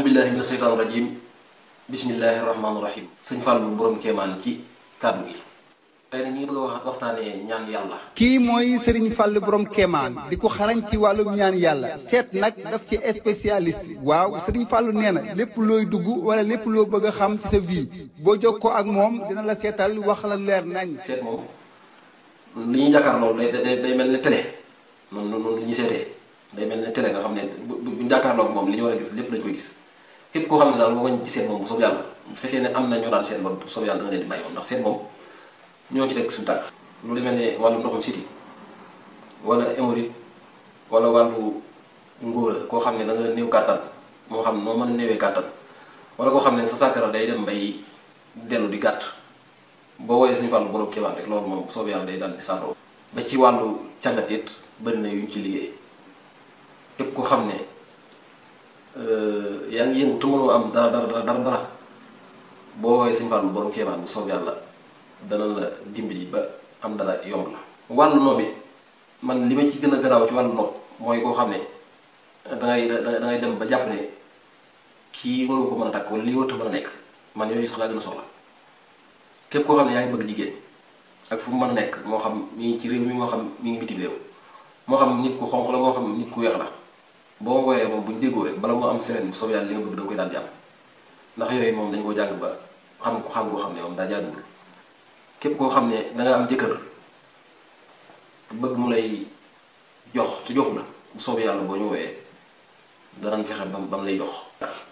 Bismillahirrahmanirrahim. billahi minash shaitanir rajim bismillahir rahmanir rahim seigne fall borom keman ci kaddu gi tay ni bëgg wax waxtane ñaan yalla ki moy fall borom diko xarañ ci ñaan yalla set nak daf ci spécialiste waaw serigne fall neena lepp loy dugg wala lepp lo bëgg xam ci sa vie bo jokko ak mom dina la wax la leer nañ set mom li ñu jakar lool day day melni télé non non li ñu sété day melni télé nga xamné buñu jakar lool mom li wara gis lepp lañ ko gis képp koo xam ne daal boo ko gisee moom bu soob yàlla bu fekkee ne am na ñu daan seen bopp bu soob yàlla da nga leen di moom ndax seen moom ñoo ci nekk suñu tàkk lu demee ne wàllu ndoxum siti wala hémorroïde wala wàllu ngóora koo xam ne da nga néew kàttan moo xam noo mën a néewee kàttan wala koo xam ne sa sàkkara day dem bay dellu di gàtt boo woyee suñu fàllu borom kéemaan rek loolu moom bu soob yàlla day daal di saaroo ba ci wàllu càngat it yuñ ci liggéey képp koo xam ne Euh, yaa ngi yëngu te mënoo am dara dara dara dara boo woowee sëñ Fallou borom kéemaan bu soob yàlla dana la dimbali ba am dara yomb la. wàllu noo bi man li ma ci gën a garaaw ci wàllu noo mooy koo xam ne da ngay dem ba jàpp ne kii waru ko mën a takk wala lii warut mën a nekk man yooyu sax gën a soxla képp koo xam ne yaa ngi bëgg jigéen ak fu mu mën a nekk moo xam mi ngi ci réew mi moo xam mi ngi bitim réew moo xam nit ku xonq la moo xam nit ku weex la. bo woyé e mom buñ déggo rek bala mo am semaine bu soob yalla li nga bëgg da koy daldi am ndax yoy mom dañ ko jang ba xam ko xam go xamné mom da jaadul képp ko xamné da nga am jëkër bëgg mu lay jox ci jox na bu soob yalla bo ñu woyé da nañ fexé bam bam lay jox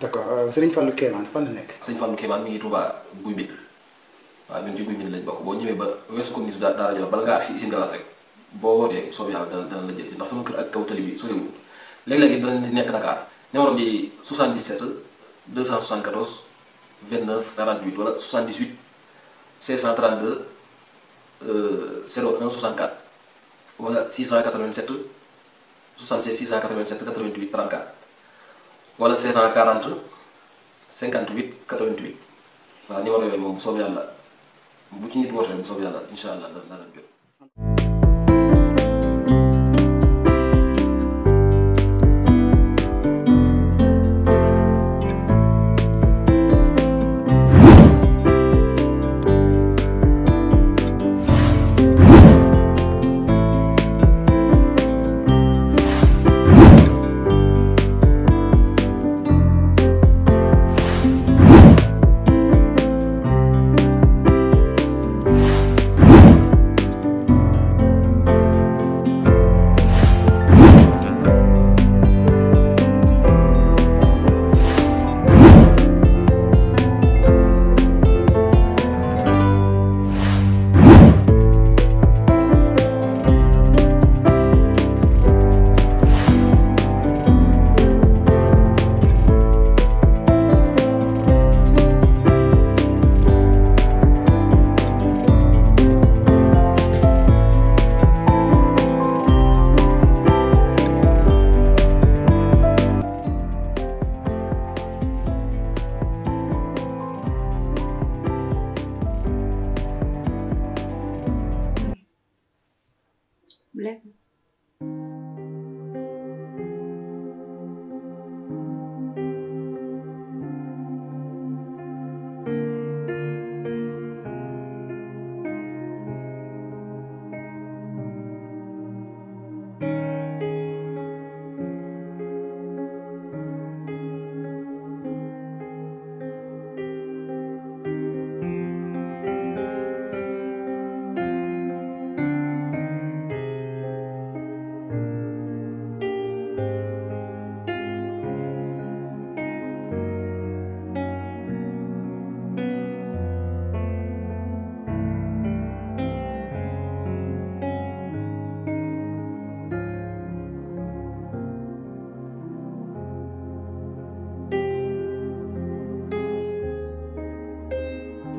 d'accord euh, sérigne fallu kéman fan la nek sérigne fallu kéman mi ngi touba buy bi wa ñu ci buy bi lañ bokk bo ñëwé ba wess ko nis da dara jël bala nga ak ci isin galas rek bo woté soob yalla da la jël ci ndax sama kër ak kaw tali bi soriwul léeg-léeg dana di nekk Dakar numéro bi 77 274 29 48 wala 78 632 01 64 wala 687 76 687 88 34 wala 640 58 88 waaw numéro yooyu moom bu soob yàlla bu ci nit wootee bu soob yàlla incha allah dana la jot.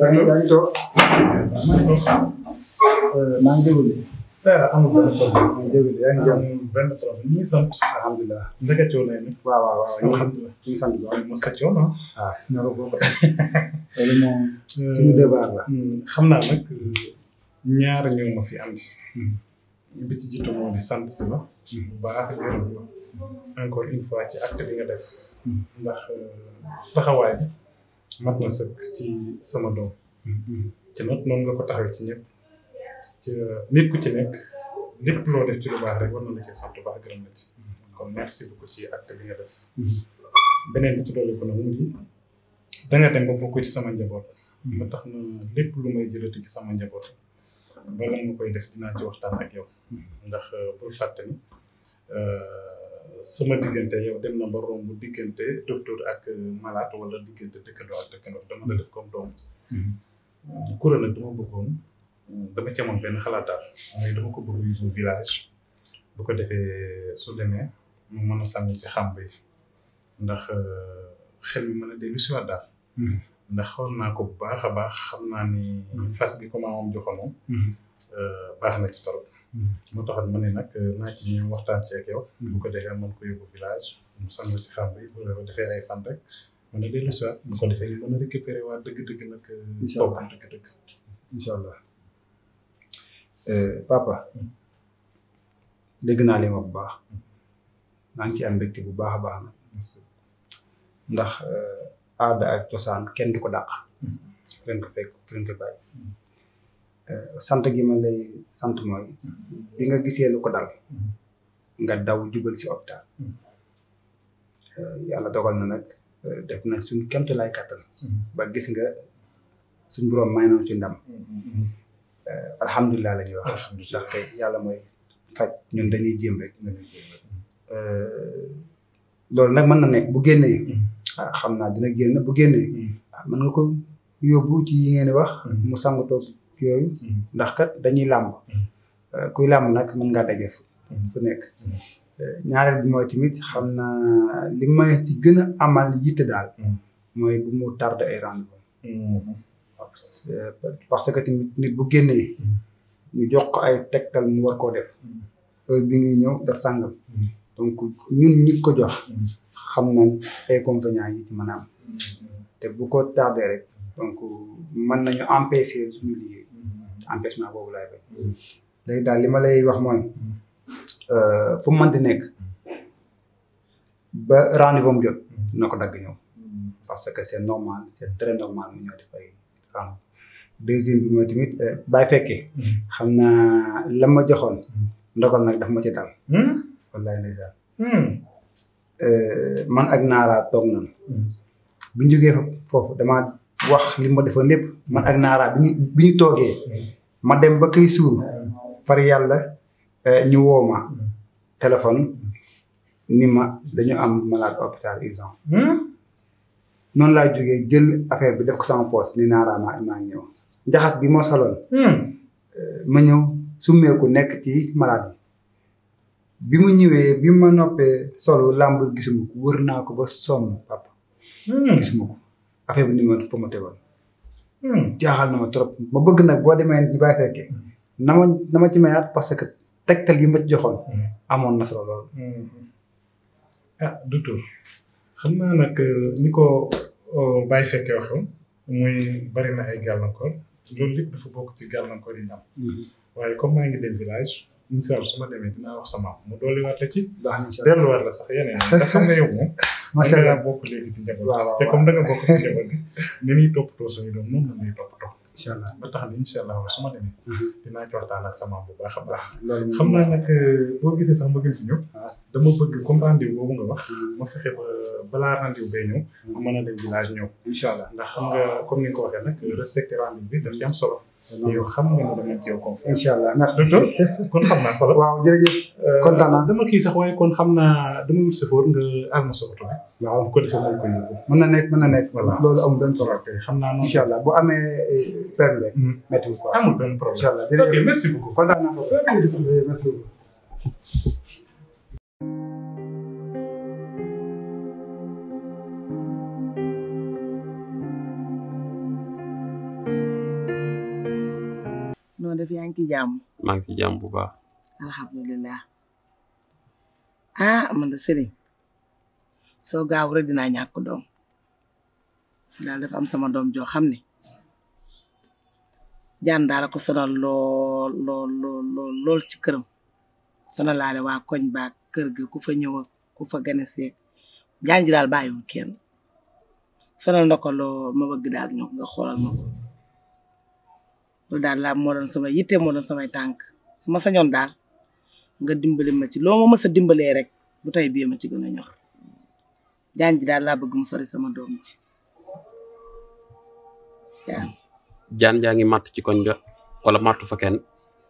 yaa sant. alhamdulilah ndeke coow nañu ne. waaw waaw sant bu baax. mos a coow na. xam naa nag ñaar ñoo fi andi. bi ci jiitu moo sant si la. baax gërëm la encore une fois ci acte bi def. ndax taxawaay bi. mat na sëkk ci sama doom mm-hmm. ci nag noonu nga ko taxaw ci ñëpp ci euh, ku ci nekk lépp loo def ci lu baax rek war na la cee mm-hmm. kon merci beaucoup ci ak li def mm-hmm. beneen bi ci doole ko nag mu di danga dem ba bokk ci sama njaboot ba tax na lépp lu may jëlati ci sama njaboot bala nga koy def dinaa ci waxtaan ak yow ndax euh, bul fàtte euh, sama diggante yow dem na ba bu diggante docteur ak euh, malade wala diggante dëkkandoo ak dëkkandoo dama la def comme doom mm-hmm. kuréel nag dama bëggoon euh, dama ci amoon benn xalaat daal mooy dama ko bëgg yóbbu village bu ko defee su demee mu mën a sànni ci xàmb yi ndax euh, xel mi mën a dellu si waat daal mm-hmm. ndax xool naa ko bu baax a baax xam naa ni mm-hmm. fas gi ko maamam joxoon baax na ci torop moo taxat ma ne nag euh, naa ci ñu waxtaan ci yo yow. Mm-hmm. bu ko defee mën ko yóbbu village mu sànni ci xam defee ay fan rek mën a ko defee ñu mën a récupérer waa dëgg-dëgg nag. Euh, incha allah dëgg-dëgg. incha allah euh, papa dégg naa li bu baax maa ngi ci am mbégte bu baax a baax na ndax aada ak cosaan kenn du ko dàq. ren mm-hmm. ko fekk ren ko bàyyi. Mm-hmm. sant gi ma lay sant mooy bi nga gisee lu ko dal mm-hmm. nga daw jubal si hôpital yalla dogal na nak def na suñu kemte lay katal mm-hmm. ba gis nga suñu borom may ci ndam mm-hmm. alhamdullilah lañ wax alhamdullilah tey yalla moy fajj ñun dañuy jëm rek lool nak man na nek bu génné ah, xamna dina génné bu génné man ah, nga ko yobbu ci yi ngeen wax mu sangu toog yoyu ndax kat dañuy lamb euh, kuy lamb nak mën nga dajé fu nek ñaaral bi moy timit xamna naa li ma ci gëna amal yitté dal moy bu mu tardé ay rendez-vous parce que timit nit bu génné ñu jox ko ay tektal mu war ko def heure bi ngay ñëw da sàngam donc ñun ñi ko jox xam nañ ay inconvénients yi ci mën a am te bu ko tardé rek donc man nañu empêcher suñu liguey empêchement boobu laay bañ mm. léegi daal li ma lay wax mooy euh, fu mu mën di nekk ba rendez-vous jot na dagg ñëw parce que c' est normal c' est normal mu ñëw euh, xam naa la ma joxoon ndogal nag daf ma ci dal hmm? wallaay hmm. euh, man ak naaraa toog nan hmm. bi ñu jógee foofu wax li ma lépp man ak naaraa bi ñu toogee ma dem ba kay suur far yàlla eh, ñu woo ma téléphone ni ma dañu am malade hôpital urgent hmm? noonu laa jóge jël affaire bi def ko sama poos ni naaraamaa maa ñëw njaxas bi moo soloon hmm. eh, ma ñëw summeeku nekk ci malade bi bi mu ñëwee bi ma noppee solu làmb gisuma wër naa ko ba sonn papa hmm. gisuma ko bi ni ma fa ma tegoon Hmm, jaaxal na ma trop ma bëgg nag boo demee ñu bàyyi fekkee hmm. na ma na ma ci parce que tegtal yi ma joxoon hmm. amoon na solo lool. ah docteur xam naa nag euh, ni ko euh, bàyyi fekkee waxoon muy bari na ay gàllankoor loolu lépp dafa bokk ci gàllankoor yi am. waaye comme maa ngi dem village incha allah su demee dinaa wax sama mu dolliwaat la ci. delluwaat la sax yeneen ndax xam nga yow macha bo boo ko léegi ci te comme da nga bokk ci njaboot bi ni ñuy toppatoo suñu doom noonu la ñuy toppatoo incha allah ba tax na incha allah su ma demee dinaa sama bu baax a xam na nag boo gisee sax ma gën ci ñëw dama bëgg comme rendez boobu nga wax ma fexe ba balaa rendez-vous bay ma mën a village ñëw incha allah ndax xam nga comme ni nga ko waxee nag respecté daf ci solo yow xam nga incha allah merci kon xam na ko la. waaw jërëjëf kontaan naa. dama kii sax kon xam naa dama wut sëfoor nga aar ma sa oto ah. bi. ko defee mën ko yóbbu. mën na nekk mën na nekk. voilà loolu amul benn xam naa noonu incha allah bu amee eh, perle. métti hmm. ko amul benn merci beaucoup ngi ci maa ngi ci jàmm bu baax. alhamdulilah ah man soo gaaw rek dinaa ñàkk doom daal dafa am sama doom joo xam ne jaan daal ko sonal lool lool lool lool ci këram sonalaale waa koñ ba kër ku fa ñëw ku fa gane see jaan ji daal bàyyiwul kenn sonal na ko lool ma daal ñoo nga xoolal ma lu dal la mo don sama yitte mo don sama tank suma sañon dal nga dimbali ma ci mo ma sa dimbalé rek bu tay bii ma ci gëna ñor jaan ji bëgg mu sori sama doom ci waaw. jaan jaa ngi ci koñ ga wala matu fa kenn.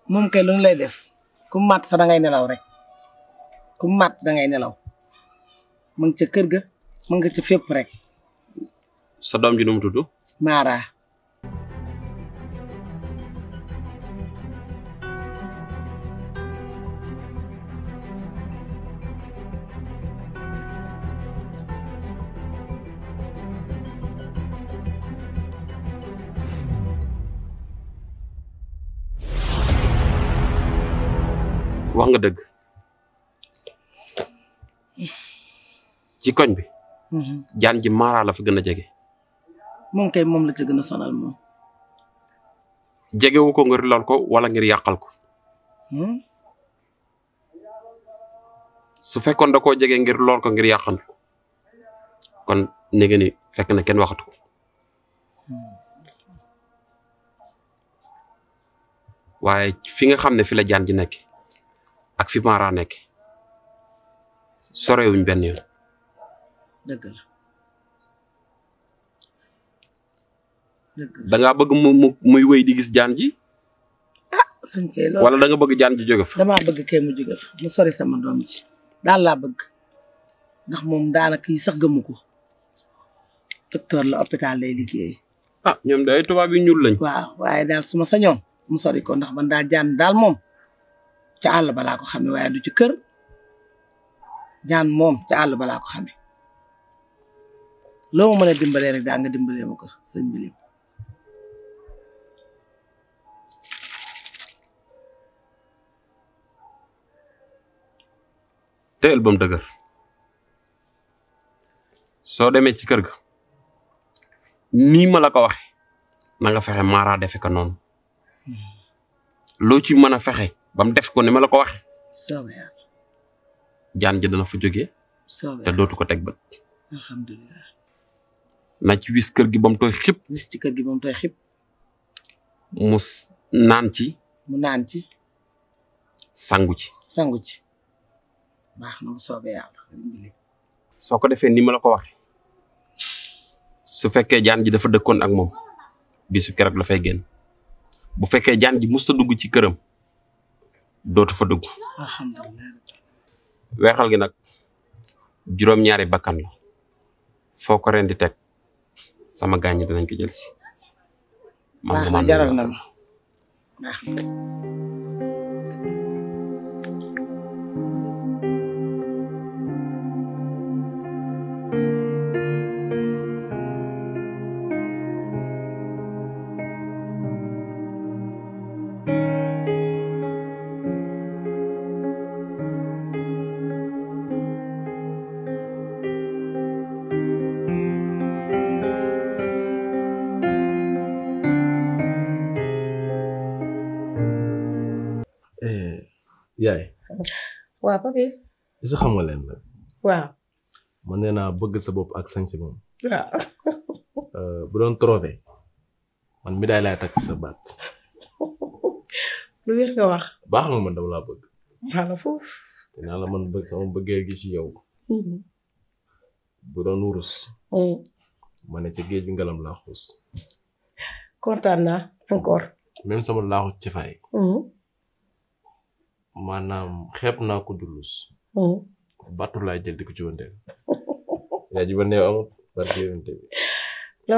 mom kay lu lay def ku mat sa da ngay nelaw rek ku mat da ngay nelaw mu ngi kër ga mu nga ca fépp rek. sa doom ji nu tuddu Mara. wax nga ci koñ bi mhm. jaan ji mara la fa gëna jégué jege kay mom la ci gëna sonal ko ngir lol ko wala ngir yakal ko hmm? su fekkon da ko jégué ngir lol ko ngir yakal kon kon nga ni fekk na kenn waxatu ko hmm. fi nga xamne fi la jaan ji nekk ak fi Mara nekk sorewuñ benn yoon. dëgg bëgg mu mu muy wéy di gis jaan ji. ah sëñ kay wala da bëgg jaan ji jóge fa. damaa bëgg kay mu jóge fa mu sori sama doom ji daal laa bëgg ndax moom daanaka yi sax gëmu ko docteur la hôpital lay liggéey. ah ñoom day tubaab yi ñuul lañ. waaw waaye daal su ma sañoon mu sori ko ndax man daal jaan daal moom. ca àll balaa ko xamee waaye du ci kër ñaan moom ca àll balaa ko loo ma mën a dimbalee rek daa nga dimbalee ma ko sëñ bi ba mu dëgër soo demee ci kër ga nii ma la ko waxe na nga fexe maara defe ko noonu hmm. loo ci mën a fexe bam def ko ni malako la waxe jaan ji dana joge jógee te dootu ko teg bët alhamdulilah na ci wis keur gi bam toy xib wis ci keur gi bam toy xib mus nan ci mu nan ci sangu ci sangu ci bax na mu sobe yàlla soko defé ni malako waxe su fekke jaan ji dafa dekkone ak mom bisu kerek la fay genn bu fekke jaan ji musta dugg ci këram dootu fa dugg. alhamdulilah. weexal gi nag juróom-ñaari bakkan la foo ko ren di teg sama gaañ ñi dinañ ko jël si. man jaral Papis. est-ce que leen nag. waaw. man nee naa bëgg sa bopp ak sañ si moom. waaw. Euh, bu doon trophée man mi daay laay takk sa baat. lu wér nga wax. baax nga man dama laa bëgg. maa la foofu. dinaa la man bëgg sama bëggee gi ci yow. Mm-hmm. bu doon wurus. Mm. ma ne ca géej gi ngalam laa xuus. kontaan naa encore. même sama laaxu ci fay. Mm-hmm. manam xeeb naa ko hmm. batu lay jël diko ci wëndeel ya ji ba am amul barke yonte bi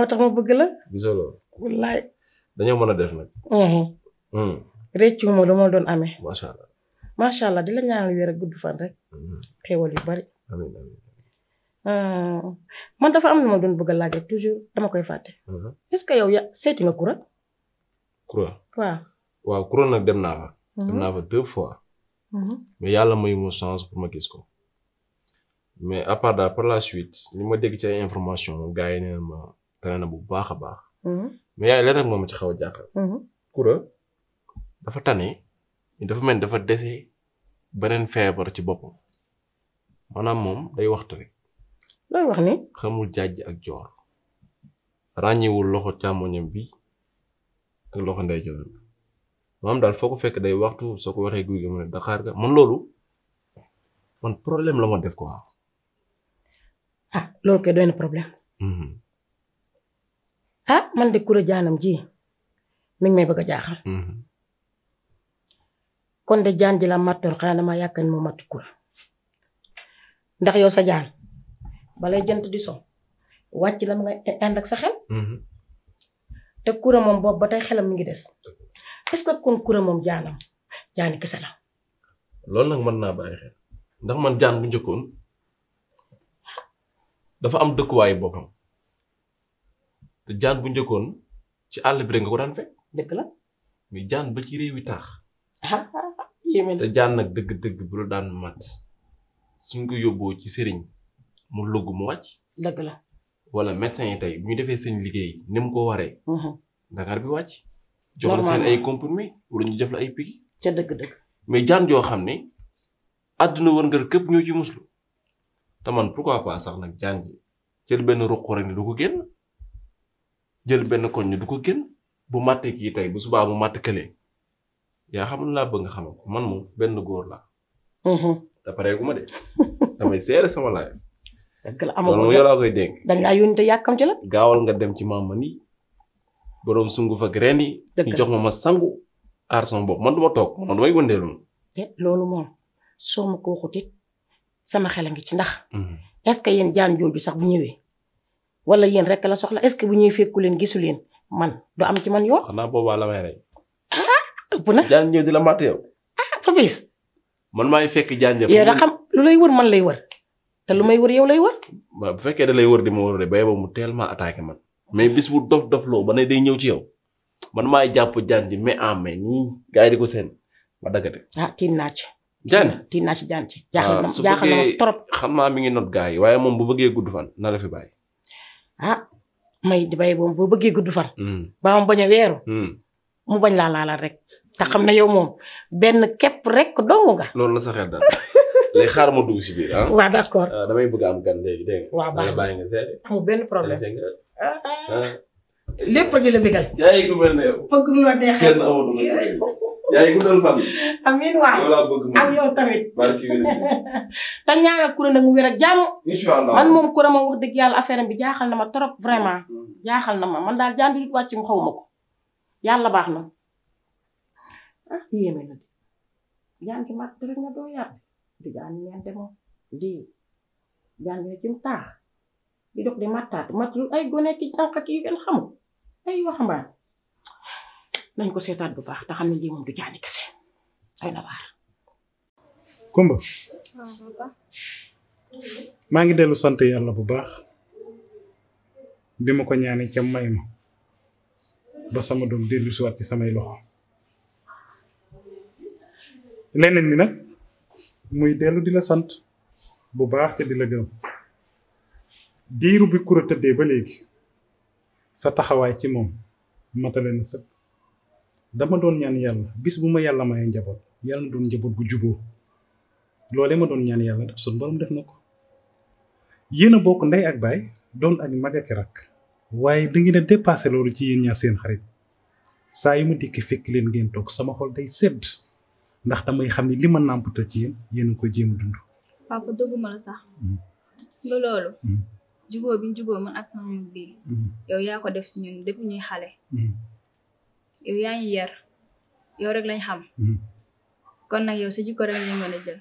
tax ma bëgg la gisolo wallahi dañu mëna def nak hmm hmm réccu mo do mo doon amé ma sha allah ma sha allah di la ñaanal wér ak guddu fan rek hmm xéewal yu bari amin amiin man dafa am na ma doon bëgg a laaj rek toujours dama koy fàtte est-ce que yow ya seeti nga kura kura waaw waaw kura nag dem hmm. naa fa dem naa fa deux fois Mm-hmm. mais yalla may mo chance pour ma gis ko mais à part par la suite ni ma dégg ci ay information gars yi neen ma tane bu baax a baax mm-hmm. mais yaay leen rek moom ci xaw a kura mm-hmm. dafa tane dafa mel dafa dese beneen feebar ci boppam maanaam moom day waxtu rek looy wax ni xamul jàjj ak joor ràññiwul loxo càmmoñam bi ak loxo ndeyjooram bi maam daal foo ko fekk day waxtu soo ko waxee guy gi mu ne Dakar ga man loolu man problème la ma def quoi. ah loolu kay doy na problème. Mhm. ah man de kure jaanam ji mi ngi may bëgg a jaaxal. Mhm. kon de jaan ji la mattoon xanaa dama yaakaar ni mu matt ndax yow sa jaan balay jant di so wàcc la ma nga ànd ak sa xel. Mhm. te kure moom boobu ba tey xelam mi ngi des. est-ce que kon Coura moom jaanam jaani kese la. loolu nag mën naa bàyyi xel ndax man jaan bu njëkkoon dafa am dëkkuwaayu boppam te jaan bu njëkkoon ci àll bi rek nga ko daan fekk. dëgg la mais ci réewi taax. Ah, te jaan nag dëgg-dëgg bu la daan mat suñ ko yóbboo ci sëriñ mu lugg mu wàcc. dëgg la wala médecin yi tey bu ñu defee seen liggéey ni mu ko waree. Mhm. Dakar bi wàcc. jox la seen ay compromis wala ñu def la ay pig ca dëgg-dëgg mais jaan joo xam ne àdduna wër ngër képp ñoo ci muslu te man pourquoi pas sax nag jaan ji jël benn ruq rek ni du ko génn jël benn koñ ni du ko génn bu màtte kii tey bu subaa mu màtt kële yaa xam laa bëgg xam ko man moom benn góor laa mhm. te pareegu ma de damay seere sama laay dëgg la amagul yow laa koy dénk dañ laa yónni te yàkkam ci la gaawal nga dem ci maam ma nii borom sungu fa grandi ni jox ma sangu ar sama bop man duma tok man duma yondelu te lolu mom soma ko sama xel ngi ci ndax mm. est ce que yéen jaan jooju sax bu ñewé wala yeen rek la soxla est ce bu fekku len man du am ci man yo xana boobaa la may ray ah na jaan ñew di la yow ah Fabrice man may fekk jaan jëf yow da xam lu lay wër man lay wër te lu may wër yow lay wër bu fekkee da lay wër di ma wër de bay bo mu tellement attaquer man mais bis bu dof dofloo ba ne day ñëw ci yow man maay jàpp jaan ji mais ah mais ñii gars yi ma daggate. ah tiim naa ci. jaan tiim naa ci jaan ci. Ah, na jaaxal na ma trop mi ngi not gars yi waaye moom bu bëggee gudd fan na la fi bàyyi. Ah, may di bay boobu bëggee gudd fan. Hmm. ba mu bañ a weeru. Hmm. mu bañ laa laalaal rek. te xam na yow moom benn képp rek dong nga. loolu la sa xel daal xaar ma dugg si biir ah. waaw accord ah, damay bëgg am gan léegi dégg nga. waaw baax nga seet. amul benn problème. Ah. lépp di la bégal. yaa ngi gouverneur. bëgg loo dee xel kenn amatul la. yaa ngi guddal fan. amiin waaw yow laa bëgg ak yow tamit. barki wér te ñaanal kuréel nag mu wér ak jàmm. incha allah man moom kuréel ma wax dëgg yàlla affaire bi jaaxal na ma trop vraiment. Mm-hmm. jaaxal na ma man daal jaan di wàcc mu xaw ma ko. yàlla baax na ah yéeme na na di jaan di jaan gi di eh, kan eh, iya, nah, dox nah, ah, ya, di mat matul ay gone ki jànq ak yu xam ay ay waxambaan nañ ko seetaat bu baax ta xam ne lii moom du jani kesse ay na waar kumba ma ngi delu sante yalla bu baax bima ko ñaané ci mayma ba sama delu ci wat ci samay loxo lenen ni nak muy delu di sante sant bu baax te di gëm diiru bi kura tëddee ba léegi sa taxawaay ci moom matale na sëpp dama doon ñaan yàlla bis bu ma yàlla maye njaboot yàlla na doon njaboot gu juboo loolee ma doon ñaan yàlla def suñu borom def na ko yéen a bokk ndey ak baay doon ak mag ak rakk waaye da ngeen a dépassé loolu ci yéen ñaa seen xarit saa yu ma dikki fekk leen ngeen toog sama xol day sedd ndax damay xam ne li ma nàmpatal ci yéen yéen a koy jéem a dund. papa dëgguma la sax. Mm. nga loolu. Mm. juboo bi ñu man ak sama mag bi mm-hmm. yow ya ko def si ñun depuis ñuy xale mm-hmm. yow yaa ñu yar yow rek lañ xam mm-hmm. kon nak yow sa jikko rek ñu mëna jël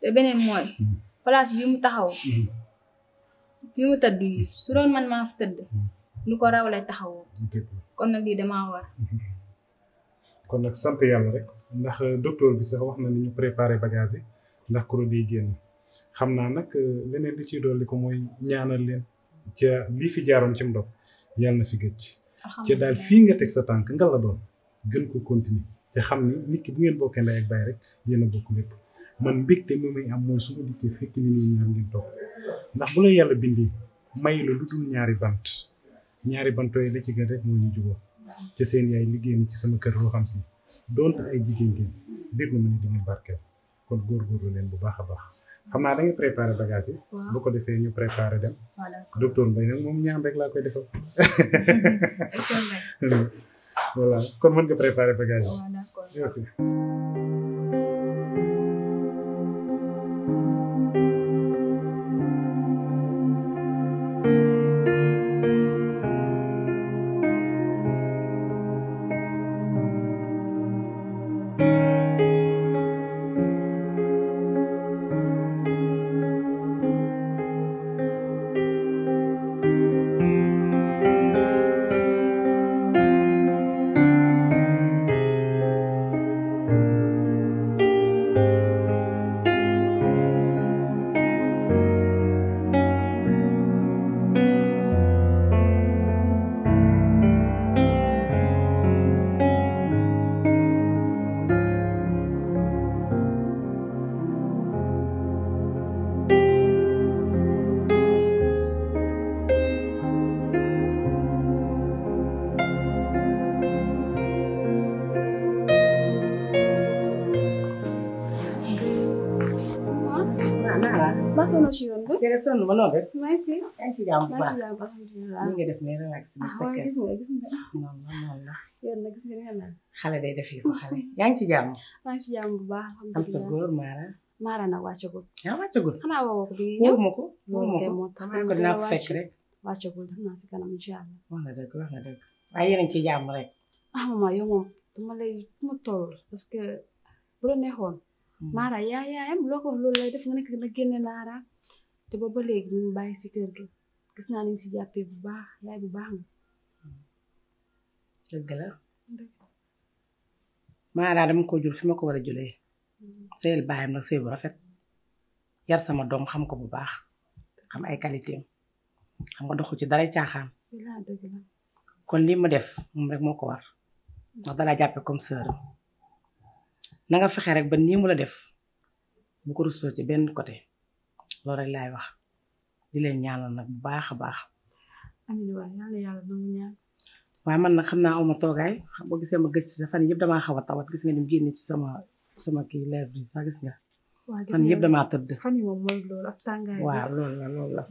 te benen moy place bi mu taxaw bi mu tedd yi su doon man ma fa tedd lu ko raw taxaw kon nak lii dama war kon nak sante yalla rek ndax docteur bi sax wax na ni ñu préparer bagage yi ndax ko di génn xam naa nag euh, leneen li ciy dolli ko mooy ñaanal leen ca lii fi jaaroon ci ndox yàlla na fi gëcc ca daal fii nga teg sa tànk nga la doon gën ko continuer te xam ni nit ki bu ngeen bokkee ndey rek yéen a bokk man mbégte mi muy am mooy su ma dikkee fekk ndax bu la yàlla bindee may la lu dul ñaari bant ñaari bantooy la ci gën rek moo ñu jubóo ca seen yaay liggéey na ci sama kër loo xam si doonte ay jigéen ngeen dégg na ma ne di ngeen barkeel kon góorgóorlu leen bu baax a baax xam naa da ngay préparé bagage yi. bu ko defee ñu préparé dem. docteur Mbaye nag moom ñaam rek laa koy defal. voilà kon mën nga préparé bagage dama sonn ci yoon bi. jërëjëf maa ngi fi maa ngi ci na sa ah, kër. gis nga gis nga. non non non la. yoon na gis nga ne xale day def yi ko xale. yaa ngi ci jàmm. maa ngi ci bu baax alhamdulilah. am sa góor Mara. Mara nag wàccagul. yaa ah, wàccagul. xanaa woo ma ko woo ma ko ko dinaa ko fekk rek. wàccagul def naa si kanam incha allah. wax nga dëgg wax nga dëgg. a ngi ci jàmm rek. ah maman yow moom dama lay ma toll parce que bu la mara yaayam loo ko wax loolu lay def nga nekk na génne naara te booba léegi ñu bay ci kër gi gis na ni ci jappé bu baax yaay bu baax nga dëgg la mara dama ko jur suma ko wara julé julee bayam nak sey bu rafet yar sama dom xam ko bu baax xam ay qualité xam nga doxu ci dara ci caaxaan kon li ma def mom rek moko war ma dara jappé comme sœur na nga fexe rek ba nii mu la def bu ko rusoo ci benn côté loolu rek laay wax di leen ñaanal nag bu baax a baax. amiin waay yàlla yàlla nangu ñaan. waaye man nag xam naa aw ma toogaay boo gisee ma gëstu sa fan yëpp damaa xaw a tawat gis nga ni mu ci sama sama kii lèvre yi sax gis nga. fan yëpp damaa tëdd. fan yi moom mooy loolu ak tàngaay waaw loolu la loolu la.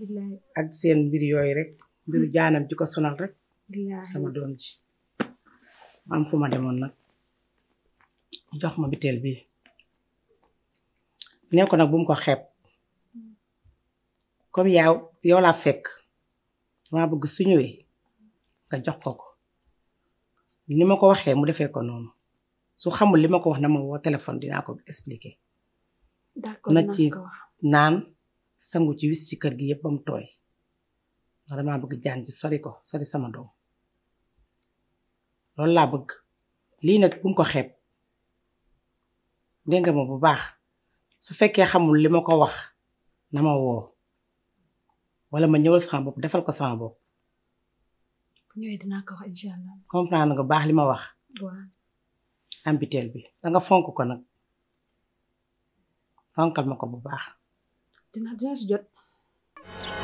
ak seen mbir yooyu rek. mbiru jaanam ji ko sonal rek. sama doom ji am fu ma demoon nag. jox ma biteel bi nekko nag bum ko xeeb kom yaaw yow laa fekk dama bëgg su nga jox ko ko ni ma ko waxee mu defee ko noonu su xamul li ma ko wax na ma woo téléphone dinaa ko expliquer na ci naan sangu ci wis ci kër gi yépp ba mu tooy nga damaa bëgg jaan ci sori ko sori sama doom loolu laa bëgg lii nag bu ko xeeb dégg nga ma bu baax su fekkee xamul li ma ko wax na ma woo wala ma ñëwal sama bopp defal ko sama bopp. bu ñëwee dinaa ko wax incha allah. comprendre nga baax li ma wax. bi da nga fonk ko nag fonkal ma ko bu baax. dina dina si